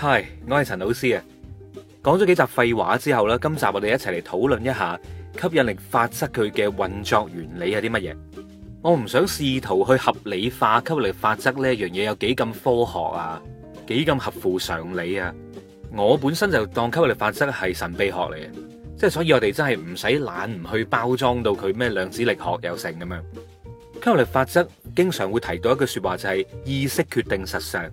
嗨，Hi, 我係陳老師啊。講咗幾集廢話之後咧，今集我哋一齊嚟討論一下吸引力法則佢嘅運作原理係啲乜嘢？我唔想試圖去合理化吸引力法則呢一樣嘢有幾咁科學啊，幾咁合乎常理啊。我本身就當吸引力法則係神秘學嚟嘅，即係所以我哋真係唔使懶唔去包裝到佢咩量子力學有成咁樣。吸引力法則經常會提到一句說話就係、是、意識決定實相。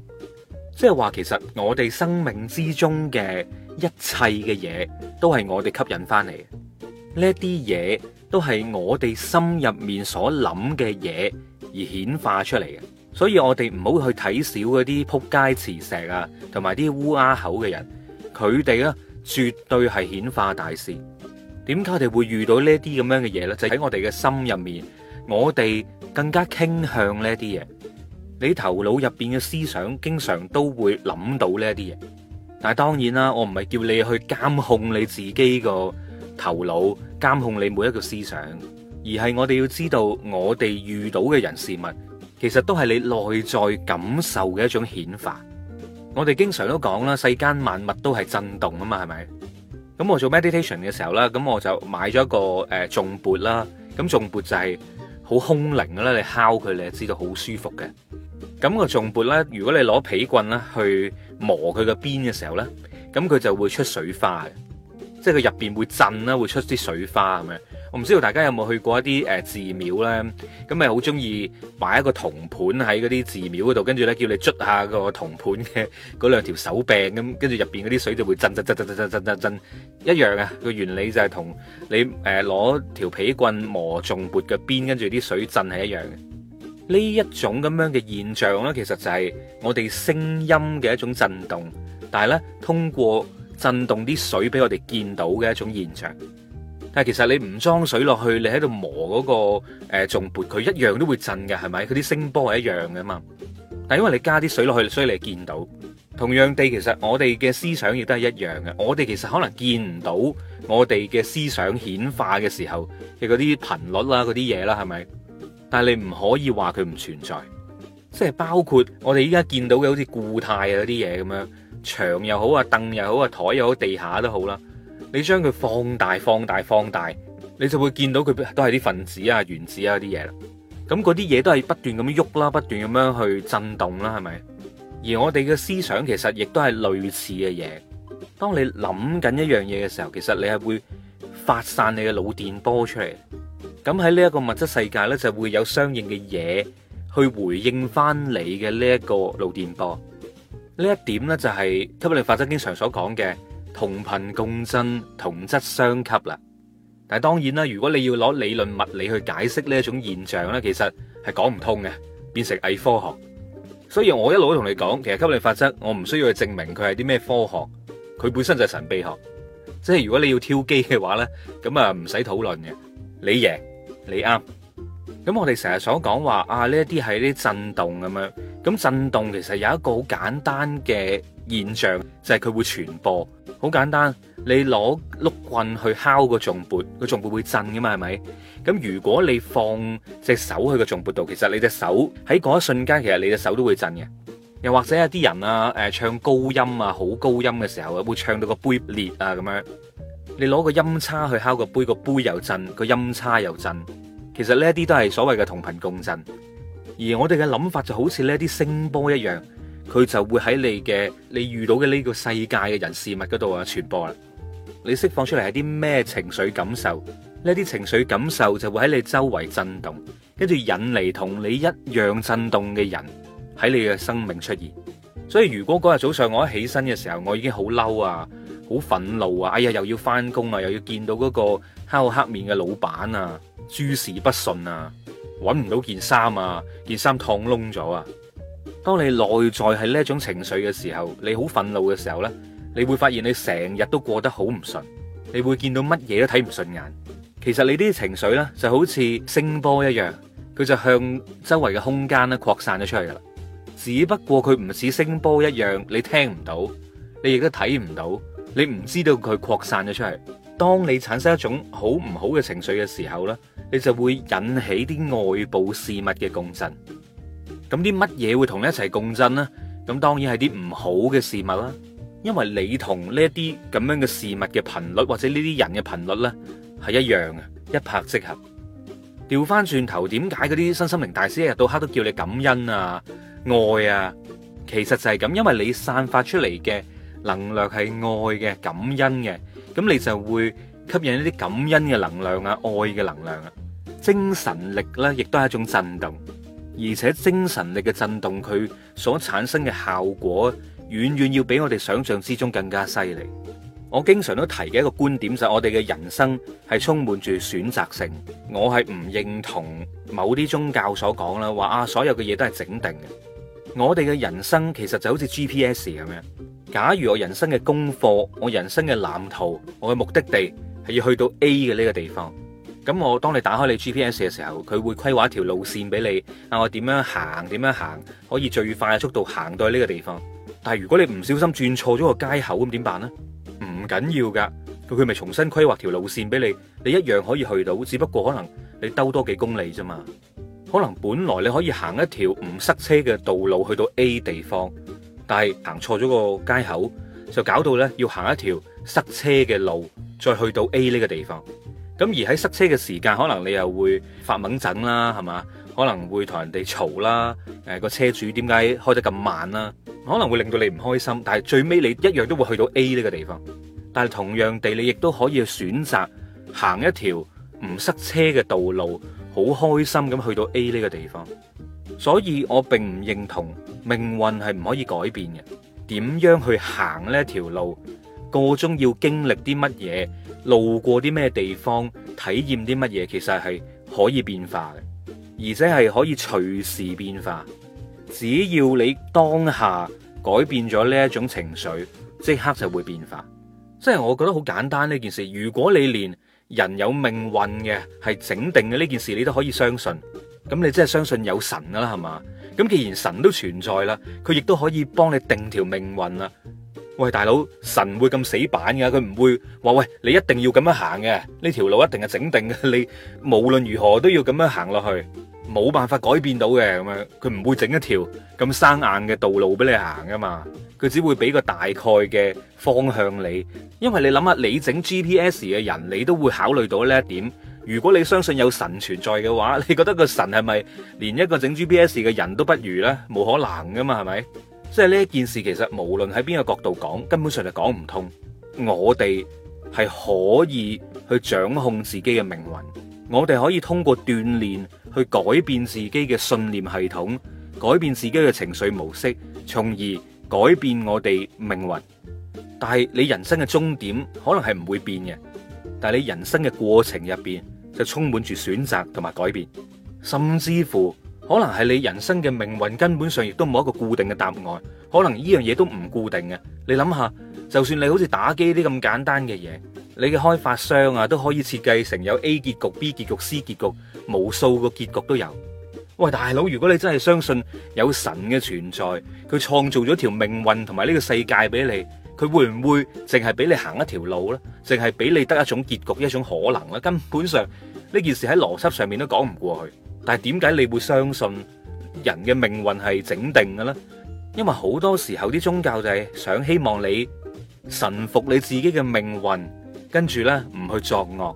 即係話，其實我哋生命之中嘅一切嘅嘢，都係我哋吸引翻嚟。呢啲嘢都係我哋心入面所諗嘅嘢而顯化出嚟嘅。所以我哋唔好去睇少嗰啲撲街磁石啊，同埋啲烏鴉口嘅人，佢哋咧絕對係顯化大師。點解佢哋會遇到呢啲咁樣嘅嘢咧？就喺、是、我哋嘅心入面，我哋更加傾向呢啲嘢。你頭腦入邊嘅思想，經常都會諗到呢一啲嘢。但係當然啦，我唔係叫你去監控你自己個頭腦，監控你每一個思想，而係我哋要知道，我哋遇到嘅人事物，其實都係你內在感受嘅一種顯化。我哋經常都講啦，世間萬物都係震動啊嘛，係咪？咁我做 meditation 嘅時候啦，咁我就買咗一個誒重缽啦。咁重缽就係好空靈嘅啦，你敲佢你就知道好舒服嘅。咁個重缽咧，如果你攞皮棍咧去磨佢個邊嘅時候咧，咁佢就會出水花嘅，即係佢入邊會震啦，會出啲水花咁樣。我唔知道大家有冇去過一啲誒寺廟咧，咁咪好中意擺一個銅盤喺嗰啲寺廟嗰度，跟住咧叫你捽下個銅盤嘅嗰兩條手柄咁，跟住入邊嗰啲水就會震震震震震震震震，震震震震震震一樣啊！個原理就係同你誒攞條皮棍磨重缽嘅邊，跟住啲水震係一樣嘅。呢一種咁樣嘅現象呢，其實就係我哋聲音嘅一種震動，但係呢，通過震動啲水俾我哋見到嘅一種現象。但係其實你唔裝水落去，你喺度磨嗰個銅缽，佢一樣都會震嘅，係咪？佢啲聲波係一樣嘅嘛。但係因為你加啲水落去，所以你見到。同樣地，其實我哋嘅思想亦都係一樣嘅。我哋其實可能見唔到我哋嘅思想顯化嘅時候嘅嗰啲頻率啦、啊、嗰啲嘢啦，係咪？但係你唔可以話佢唔存在，即係包括我哋依家見到嘅好似固態啊嗰啲嘢咁樣，牆又好啊、凳又好啊、台又好、地下都好啦，你將佢放大、放大、放大，你就會見到佢都係啲分子啊、原子啊嗰啲嘢啦。咁嗰啲嘢都係不斷咁樣喐啦，不斷咁樣去震動啦、啊，係咪？而我哋嘅思想其實亦都係類似嘅嘢。當你諗緊一樣嘢嘅時候，其實你係會發散你嘅腦電波出嚟。咁喺呢一個物質世界呢，就會有相應嘅嘢去回應翻你嘅呢一個腦電波。呢一點呢，就係、是、吸引力法則經常所講嘅同頻共振、同質相吸啦。但係當然啦，如果你要攞理論物理去解釋呢一種現象呢，其實係講唔通嘅，變成偽科學。所以我一路都同你講，其實吸引力法則我唔需要去證明佢係啲咩科學，佢本身就係神秘學。即係如果你要挑機嘅話呢，咁啊唔使討論嘅，你贏。你啱，咁我哋成日所講話啊，呢一啲係啲震動咁樣，咁震動其實有一個好簡單嘅現象，就係、是、佢會傳播，好簡單。你攞碌棍去敲個銅鈸，個銅鈸會震噶嘛，係咪？咁如果你放隻手去個銅鈸度，其實你隻手喺嗰一瞬間，其實你隻手都會震嘅。又或者有啲人啊，誒、呃、唱高音啊，好高音嘅時候、啊、會唱到個杯裂啊，咁樣。你攞個音叉去敲個杯，個杯又震，個音叉又震。其實呢啲都係所謂嘅同頻共振。而我哋嘅諗法就好似呢啲聲波一樣，佢就會喺你嘅你遇到嘅呢個世界嘅人事物嗰度啊傳播啦。你釋放出嚟係啲咩情緒感受？呢啲情緒感受就會喺你周圍震動，跟住引嚟同你一樣震動嘅人喺你嘅生命出現。所以如果嗰日早上我一起身嘅時候，我已經好嬲啊！好憤怒啊！哎呀，又要翻工啊，又要見到嗰個黑口黑面嘅老闆啊，諸事不順啊，揾唔到件衫啊，件衫燙窿咗啊。當你內在係呢一種情緒嘅時候，你好憤怒嘅時候呢，你會發現你成日都過得好唔順，你會見到乜嘢都睇唔順眼。其實你啲情緒呢，就好似聲波一樣，佢就向周圍嘅空間咧擴散咗出去噶啦。只不過佢唔似聲波一樣，你聽唔到，你亦都睇唔到。你唔知道佢擴散咗出嚟。當你產生一種好唔好嘅情緒嘅時候呢，你就會引起啲外部事物嘅共振。咁啲乜嘢會同你一齊共振呢？咁當然係啲唔好嘅事物啦。因為你同呢一啲咁樣嘅事物嘅頻率或者呢啲人嘅頻率呢，係一樣嘅，一拍即合。調翻轉頭，點解嗰啲身心靈大師一日到黑都叫你感恩啊、愛啊？其實就係咁，因為你散發出嚟嘅。能量係愛嘅、感恩嘅，咁你就會吸引一啲感恩嘅能量啊、愛嘅能量啊。精神力咧亦都係一種震動，而且精神力嘅震動佢所產生嘅效果，遠遠要比我哋想象之中更加犀利。我經常都提嘅一個觀點就係，我哋嘅人生係充滿住選擇性。我係唔認同某啲宗教所講啦，話啊所有嘅嘢都係整定嘅。我哋嘅人生其實就好似 GPS 咁樣。假如我人生嘅功課、我人生嘅藍圖、我嘅目的地係要去到 A 嘅呢個地方，咁我當你打開你 GPS 嘅時候，佢會規劃一條路線俾你，啊我點樣行，點樣行，可以最快嘅速度行到呢個地方。但係如果你唔小心轉錯咗個街口咁，點辦呢？唔緊要噶，佢佢咪重新規劃條路線俾你，你一樣可以去到，只不過可能你兜多幾公里啫嘛。可能本來你可以行一條唔塞車嘅道路去到 A 地方。但係行錯咗個街口，就搞到呢要行一條塞車嘅路，再去到 A 呢個地方。咁而喺塞車嘅時間，可能你又會發猛震啦，係嘛？可能會同人哋嘈啦。誒、呃、個車主點解開得咁慢啦？可能會令到你唔開心。但係最尾你一樣都會去到 A 呢個地方。但係同樣地，你亦都可以選擇行一條唔塞車嘅道路，好開心咁去到 A 呢個地方。所以我並唔認同命運係唔可以改變嘅。點樣去行呢條路，個中要經歷啲乜嘢、路過啲咩地方、體驗啲乜嘢，其實係可以變化嘅，而且係可以隨時變化。只要你當下改變咗呢一種情緒，即刻就會變化。即係我覺得好簡單呢件事。如果你連人有命運嘅係整定嘅呢件事，你都可以相信。咁你真係相信有神噶啦，係嘛？咁既然神都存在啦，佢亦都可以幫你定條命運啦。喂，大佬，神會咁死板噶？佢唔會話喂，你一定要咁樣行嘅，呢條路一定係整定嘅，你無論如何都要咁樣行落去，冇辦法改變到嘅。咁樣佢唔會整一條咁生硬嘅道路俾你行噶嘛？佢只會俾個大概嘅方向你，因為你諗下你整 GPS 嘅人，你都會考慮到呢一點。如果你相信有神存在嘅話，你覺得個神係咪連一個整 GPS 嘅人都不如咧？冇可能噶嘛，係咪？即係呢一件事其實無論喺邊個角度講，根本上就講唔通。我哋係可以去掌控自己嘅命運，我哋可以通過鍛煉去改變自己嘅信念系統，改變自己嘅情緒模式，從而改變我哋命運。但係你人生嘅終點可能係唔會變嘅，但係你人生嘅過程入邊。就充滿住選擇同埋改變，甚至乎可能係你人生嘅命運根本上亦都冇一個固定嘅答案，可能呢樣嘢都唔固定嘅。你諗下，就算你好似打機啲咁簡單嘅嘢，你嘅開發商啊都可以設計成有 A 結局、B 結局、C 結局，無數個結局都有。喂，大佬，如果你真係相信有神嘅存在，佢創造咗條命運同埋呢個世界俾你。佢會唔會淨係俾你行一條路咧？淨係俾你得一種結局，一種可能咧？根本上呢件事喺邏輯上面都講唔過去。但係點解你會相信人嘅命運係整定嘅咧？因為好多時候啲宗教就係想希望你臣服你自己嘅命運，跟住咧唔去作惡。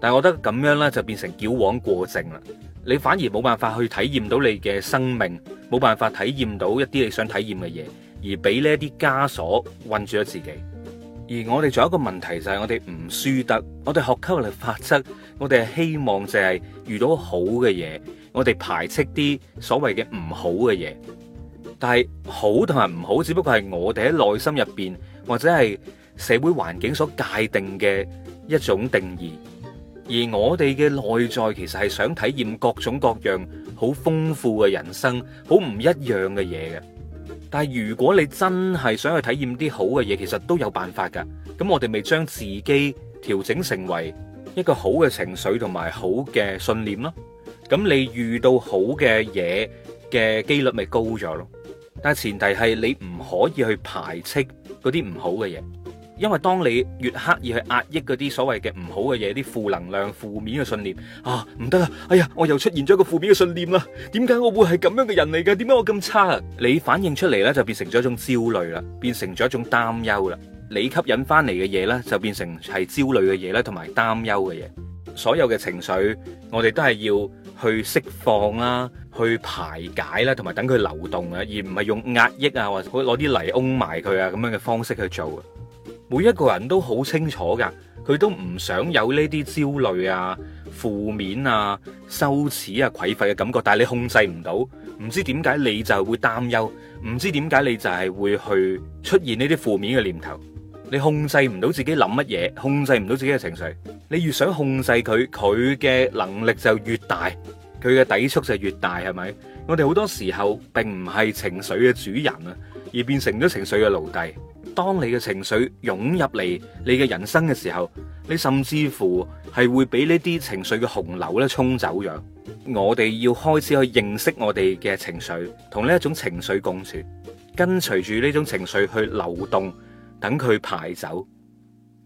但係我覺得咁樣咧就變成矯枉過正啦。你反而冇辦法去體驗到你嘅生命，冇辦法體驗到一啲你想體驗嘅嘢。而俾呢啲枷鎖困住咗自己，而我哋仲有一個問題就係我哋唔輸得，我哋學吸引力法則，我哋係希望就係遇到好嘅嘢，我哋排斥啲所謂嘅唔好嘅嘢。但係好同埋唔好，只不過係我哋喺內心入邊或者係社會環境所界定嘅一種定義，而我哋嘅內在其實係想體驗各種各樣好豐富嘅人生，好唔一樣嘅嘢嘅。但係如果你真係想去體驗啲好嘅嘢，其實都有辦法噶。咁我哋咪將自己調整成為一個好嘅情緒同埋好嘅信念咯。咁你遇到好嘅嘢嘅幾率咪高咗咯。但係前提係你唔可以去排斥嗰啲唔好嘅嘢。因為當你越刻意去壓抑嗰啲所謂嘅唔好嘅嘢，啲負能量、負面嘅信念啊，唔得啦！哎呀，我又出現咗一個負面嘅信念啦！點解我會係咁樣嘅人嚟㗎？點解我咁差啊？你反應出嚟呢，就變成咗一種焦慮啦，變成咗一種擔憂啦。你吸引翻嚟嘅嘢呢，就變成係焦慮嘅嘢咧，同埋擔憂嘅嘢。所有嘅情緒，我哋都係要去釋放啦，去排解啦，同埋等佢流動啊，而唔係用壓抑啊，或者攞啲泥嗡埋佢啊咁樣嘅方式去做。每一個人都好清楚噶，佢都唔想有呢啲焦慮啊、負面啊、羞恥啊、匱乏嘅感覺，但係你控制唔到，唔知點解你就會擔憂，唔知點解你就係會去出現呢啲負面嘅念頭，你控制唔到自己諗乜嘢，控制唔到自己嘅情緒，你越想控制佢，佢嘅能力就越大，佢嘅抵觸就越大，係咪？我哋好多時候並唔係情緒嘅主人啊，而變成咗情緒嘅奴隸。當你嘅情緒湧入嚟，你嘅人生嘅時候，你甚至乎係會俾呢啲情緒嘅洪流咧沖走咗。我哋要開始去認識我哋嘅情緒，同呢一種情緒共存，跟隨住呢種情緒去流動，等佢排走。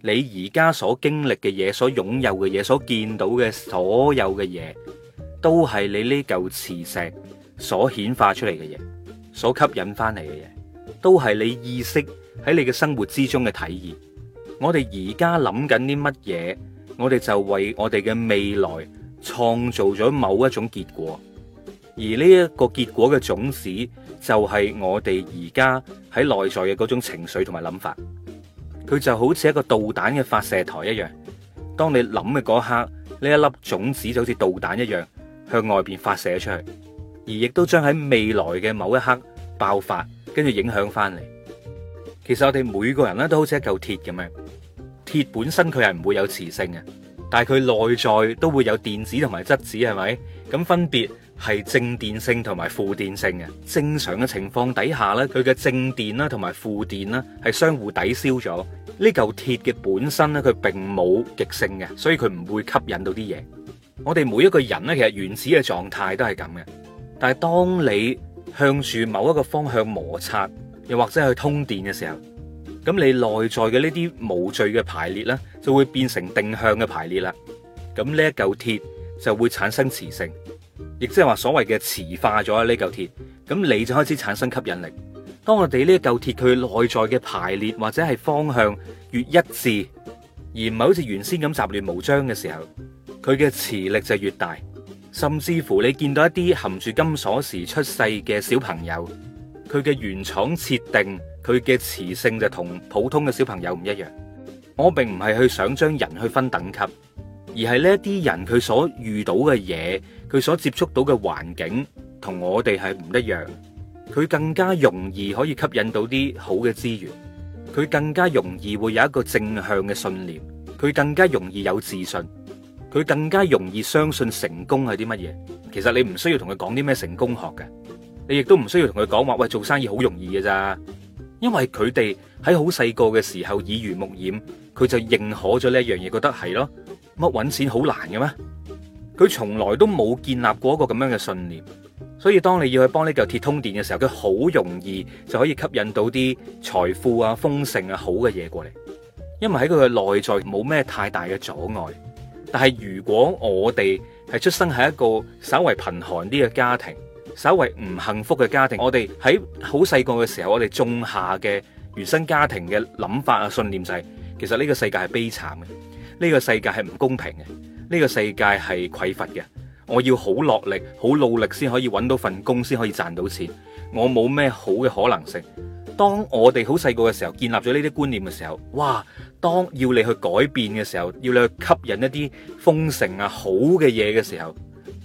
你而家所經歷嘅嘢，所擁有嘅嘢，所見到嘅所有嘅嘢，都係你呢嚿磁石所顯化出嚟嘅嘢，所吸引翻嚟嘅嘢，都係你意識。喺你嘅生活之中嘅體驗，我哋而家諗緊啲乜嘢，我哋就為我哋嘅未來創造咗某一種結果，而呢一個結果嘅種子就係我哋而家喺內在嘅嗰種情緒同埋諗法，佢就好似一個導彈嘅發射台一樣，當你諗嘅嗰刻，呢一粒種子就好似導彈一樣向外邊發射出去，而亦都將喺未來嘅某一刻爆發，跟住影響翻嚟。其實我哋每個人咧都好似一嚿鐵咁樣，鐵本身佢係唔會有磁性嘅，但係佢內在都會有電子同埋質子，係咪？咁分別係正電性同埋負電性嘅。正常嘅情況底下呢，佢嘅正電啦同埋負電啦係相互抵消咗。呢嚿鐵嘅本身咧，佢並冇極性嘅，所以佢唔會吸引到啲嘢。我哋每一個人呢，其實原子嘅狀態都係咁嘅。但係當你向住某一個方向摩擦。又或者去通電嘅時候，咁你內在嘅呢啲無序嘅排列呢，就會變成定向嘅排列啦。咁呢一嚿鐵就會產生磁性，亦即係話所謂嘅磁化咗呢嚿鐵。咁你就開始產生吸引力。當我哋呢一嚿鐵佢內在嘅排列或者係方向越一致，而唔係好似原先咁雜亂無章嘅時候，佢嘅磁力就越大。甚至乎你見到一啲含住金鎖匙出世嘅小朋友。佢嘅原廠設定，佢嘅磁性就同普通嘅小朋友唔一樣。我並唔係去想將人去分等級，而係呢一啲人佢所遇到嘅嘢，佢所接觸到嘅環境，同我哋係唔一樣。佢更加容易可以吸引到啲好嘅資源，佢更加容易會有一個正向嘅信念，佢更加容易有自信，佢更加容易相信成功係啲乜嘢。其實你唔需要同佢講啲咩成功學嘅。你亦都唔需要同佢講話，喂，做生意好容易嘅咋？因為佢哋喺好細個嘅時候耳濡目染，佢就認可咗呢一樣嘢，覺得係咯，乜、嗯、揾錢好難嘅咩？佢從來都冇建立過一個咁樣嘅信念，所以當你要去幫呢嚿鐵通電嘅時候，佢好容易就可以吸引到啲財富啊、豐盛啊、好嘅嘢過嚟。因為喺佢嘅內在冇咩太大嘅阻礙。但係如果我哋係出生喺一個稍為貧寒啲嘅家庭，稍微唔幸福嘅家庭，我哋喺好細個嘅時候，我哋種下嘅原生家庭嘅諗法啊、信念就係，其實呢個世界係悲慘嘅，呢個世界係唔公平嘅，呢個世界係匱乏嘅。我要好落力、好努力先可以揾到份工，先可以賺到錢。我冇咩好嘅可能性。當我哋好細個嘅時候建立咗呢啲觀念嘅時候，哇！當要你去改變嘅時候，要你去吸引一啲豐盛啊、好嘅嘢嘅時候。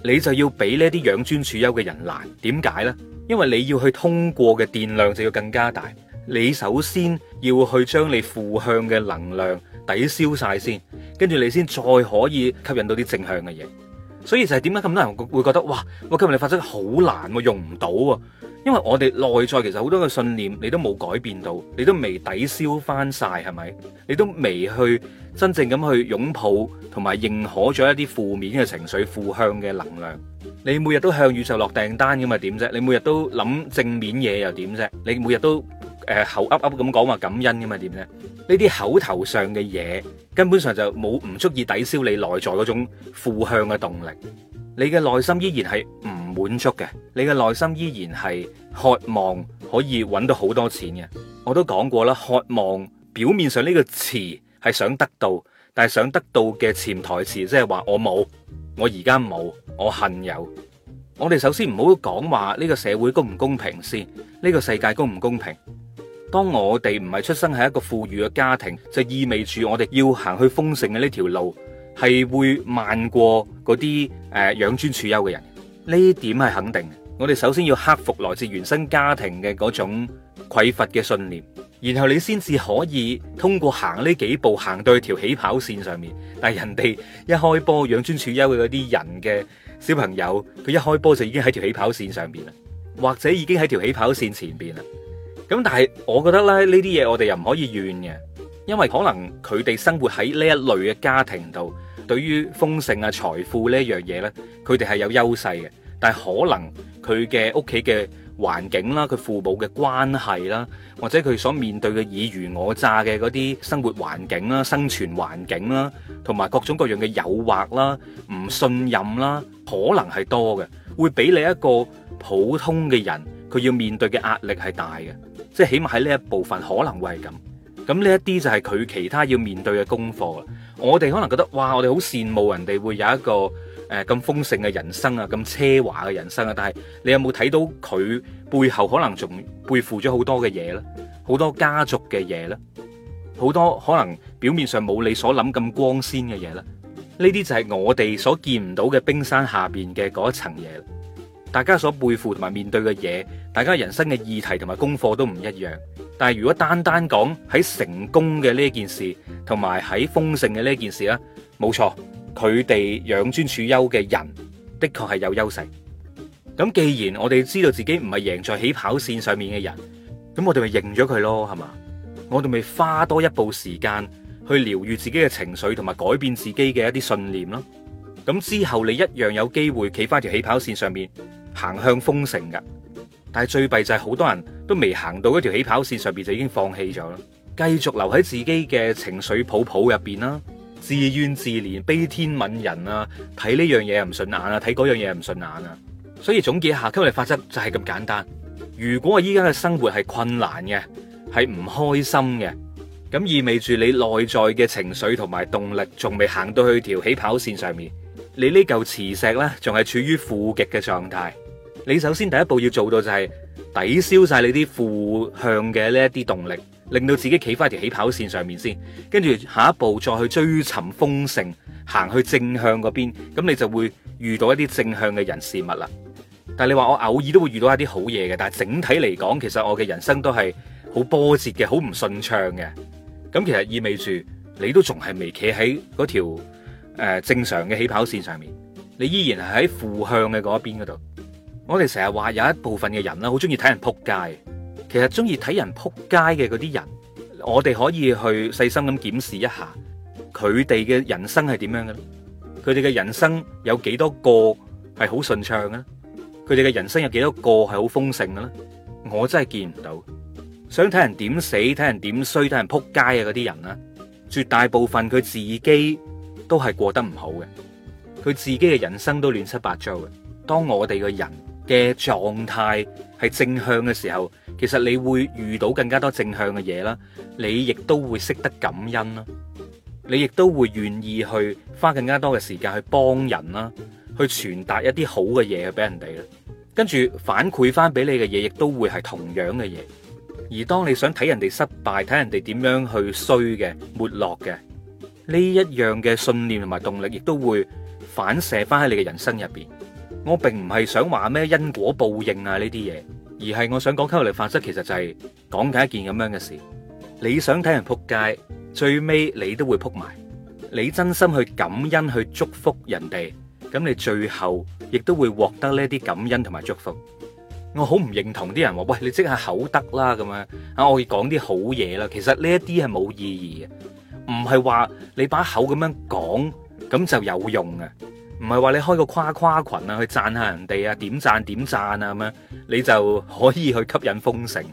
你就要俾呢啲養尊處優嘅人難，點解呢？因為你要去通過嘅電量就要更加大，你首先要去將你負向嘅能量抵消晒先，跟住你先再可以吸引到啲正向嘅嘢。所以就係點解咁多人會覺得哇，我吸引力法則好難喎，用唔到喎。因為我哋內在其實好多嘅信念，你都冇改變到，你都未抵消翻晒，係咪？你都未去真正咁去擁抱同埋認可咗一啲負面嘅情緒、負向嘅能量。你每日都向宇宙落訂單咁啊？點啫？你每日都諗正面嘢，又點啫？你每日都誒，口噏噏咁講話感恩咁啊？點啫？呢啲口頭上嘅嘢，根本上就冇唔足以抵消你內在嗰種負向嘅動力。你嘅內心依然係唔。滿足嘅，你嘅內心依然係渴望可以揾到好多錢嘅。我都講過啦，渴望表面上呢個詞係想得到，但係想得到嘅潛台詞即係話我冇，我而家冇，我恨有。我哋首先唔好講話呢個社會公唔公平先，呢個世界公唔、這個、公平。當我哋唔係出生喺一個富裕嘅家庭，就意味住我哋要行去豐盛嘅呢條路係會慢過嗰啲誒養尊處優嘅人。呢點係肯定，我哋首先要克服來自原生家庭嘅嗰種匱乏嘅信念，然後你先至可以通過行呢幾步行到去條起跑線上面。但係人哋一開波養尊處優嘅嗰啲人嘅小朋友，佢一開波就已經喺條起跑線上邊啦，或者已經喺條起跑線前邊啦。咁但係我覺得咧，呢啲嘢我哋又唔可以怨嘅，因為可能佢哋生活喺呢一類嘅家庭度。對於豐盛啊、財富呢一樣嘢呢，佢哋係有優勢嘅，但係可能佢嘅屋企嘅環境啦、佢父母嘅關係啦，或者佢所面對嘅爾虞我詐嘅嗰啲生活環境啦、生存環境啦，同埋各種各樣嘅誘惑啦、唔信任啦，可能係多嘅，會比你一個普通嘅人佢要面對嘅壓力係大嘅，即係起碼喺呢一部分可能會係咁。咁呢一啲就係佢其他要面對嘅功課。我哋可能覺得哇，我哋好羨慕人哋會有一個誒咁豐盛嘅人生啊，咁奢華嘅人生啊，但係你有冇睇到佢背後可能仲背負咗好多嘅嘢咧？好多家族嘅嘢咧，好多可能表面上冇你所諗咁光鮮嘅嘢咧。呢啲就係我哋所見唔到嘅冰山下邊嘅嗰一層嘢。大家所背負同埋面對嘅嘢，大家人生嘅議題同埋功課都唔一樣。但係如果單單講喺成功嘅呢件事，同埋喺豐盛嘅呢件事呢，冇錯，佢哋養尊處優嘅人的確係有優勢。咁既然我哋知道自己唔係贏在起跑線上面嘅人，咁我哋咪認咗佢咯，係嘛？我哋咪花多一步時間去療愈自己嘅情緒，同埋改變自己嘅一啲信念咯。咁之後你一樣有機會企翻條起跑線上面，行向豐盛噶。但係最弊就係好多人都未行到嗰條起跑線上邊就已經放棄咗啦，繼續留喺自己嘅情緒泡泡入邊啦，自怨自憐、悲天憫人啊，睇呢樣嘢唔順眼啊，睇嗰樣嘢唔順眼啊，所以總結一下，吸引力法則就係咁簡單。如果我依家嘅生活係困難嘅，係唔開心嘅，咁意味住你內在嘅情緒同埋動力仲未行到去條起跑線上面，你呢嚿磁石呢，仲係處於負極嘅狀態。你首先第一步要做到就係抵消晒你啲負向嘅呢一啲動力，令到自己企翻一條起跑線上面先。跟住下一步再去追尋豐盛，行去正向嗰邊，咁你就會遇到一啲正向嘅人事物啦。但係你話我偶爾都會遇到一啲好嘢嘅，但係整體嚟講，其實我嘅人生都係好波折嘅，好唔順暢嘅。咁其實意味住你都仲係未企喺嗰條誒正常嘅起跑線上面，你依然係喺負向嘅嗰邊嗰度。我哋成日話有一部分嘅人啦，好中意睇人扑街。其實中意睇人扑街嘅嗰啲人，我哋可以去細心咁檢視一下，佢哋嘅人生係點樣嘅咧？佢哋嘅人生有幾多個係好順暢嘅咧？佢哋嘅人生有幾多個係好豐盛嘅咧？我真係見唔到，想睇人點死、睇人點衰、睇人扑街嘅嗰啲人啦，絕大部分佢自己都係過得唔好嘅，佢自己嘅人生都亂七八糟嘅。當我哋嘅人。嘅狀態係正向嘅時候，其實你會遇到更加多正向嘅嘢啦，你亦都會識得感恩啦,你亦都會願意去花更加多嘅時間去幫人啦，去傳達一啲好嘅嘢去俾人哋啦，跟住反饋翻俾你嘅嘢，亦都會係同樣嘅嘢。而當你想睇人哋失敗，睇人哋點樣去衰嘅、沒落嘅呢一樣嘅信念同埋動力，亦都會反射翻喺你嘅人生入邊。我並唔係想話咩因果報應啊呢啲嘢，而係我想講吸引力法則，其實就係講緊一件咁樣嘅事。你想睇人扑街，最尾你都會扑埋。你真心去感恩去祝福人哋，咁你最後亦都會獲得呢啲感恩同埋祝福。我好唔認同啲人話：喂，你即係口德啦，咁樣啊，我要講啲好嘢啦。其實呢一啲係冇意義嘅，唔係話你把口咁樣講，咁就有用嘅。唔係話你開個誇誇群啊，去讚下人哋啊，點讚點讚啊咁樣，你就可以去吸引豐盛。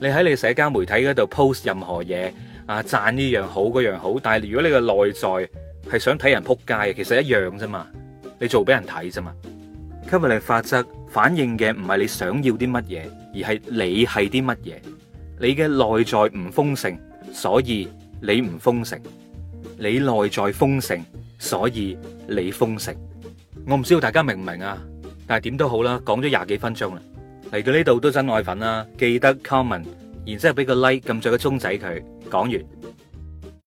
你喺你社交媒體嗰度 post 任何嘢啊，讚呢樣好嗰樣好，但係如果你嘅內在係想睇人扑街，其實一樣啫嘛。你做俾人睇啫嘛。吸引力法則反映嘅唔係你想要啲乜嘢，而係你係啲乜嘢。你嘅內在唔豐盛，所以你唔豐盛。你內在豐盛。所以你封城，我唔知道大家明唔明啊？但係點都好啦，講咗廿幾分鐘啦，嚟到呢度都真愛粉啦，記得 comment，然之後俾個 like，撳住個鐘仔佢，講完。